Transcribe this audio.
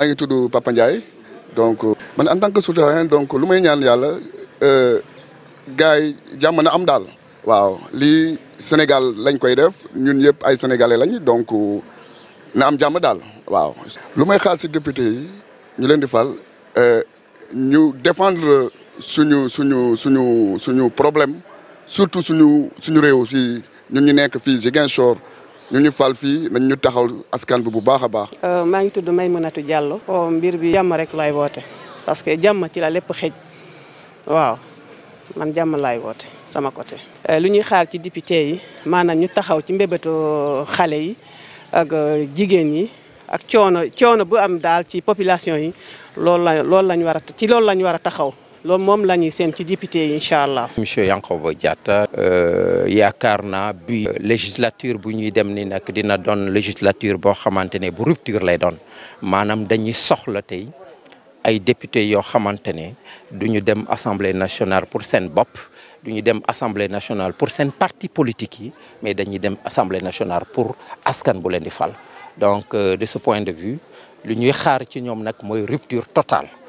Je suis un Papa Ndiaye donc euh, man en tant que souterrain donc may ñaan euh, gars yi am Sénégal lañ koy nous sommes tous ay sénégalais donc euh, na am Ce waaw. may député nous ñu leen di fal défendre suñu suñu surtout si nous sommes fii ñun ñu nekk ñu ñu fal fii nañ ñu taxaw askan bi bu baax a baax. Euh, maa ngi tudd mënatu Diallo. mbir bi jàmm rek laay woote parce que jàmm ci la lépp xëj waaw man jàmm laay woote sama côté. Euh, lu ñuy xaar ci député yi maanaam ñu taxaw ci mbébétu euh, xale yi ak jigéen yi ak coono coono bu am daal ci population yi loolu la loolu lañ war a ci loolu lañ war a taxaw. loolu moom la ñuy séen ci député yi incha monsieur Yankoba Diata, euh, yaakaar naa bi législature bu ñuy dem ni nag dina doon législature boo xamante bu rupture lay doon maanaam dañuy soxla tey ay député yoo xamante ne du ñu dem assemblée nationale pour seen bopp nous avons dem assemblée nationale pour seen parti politique yi mais dañuy dem assemblée nationale pour askan bu di fal donc euh, de ce point de vue lu ñuy xaar ci rupture totale.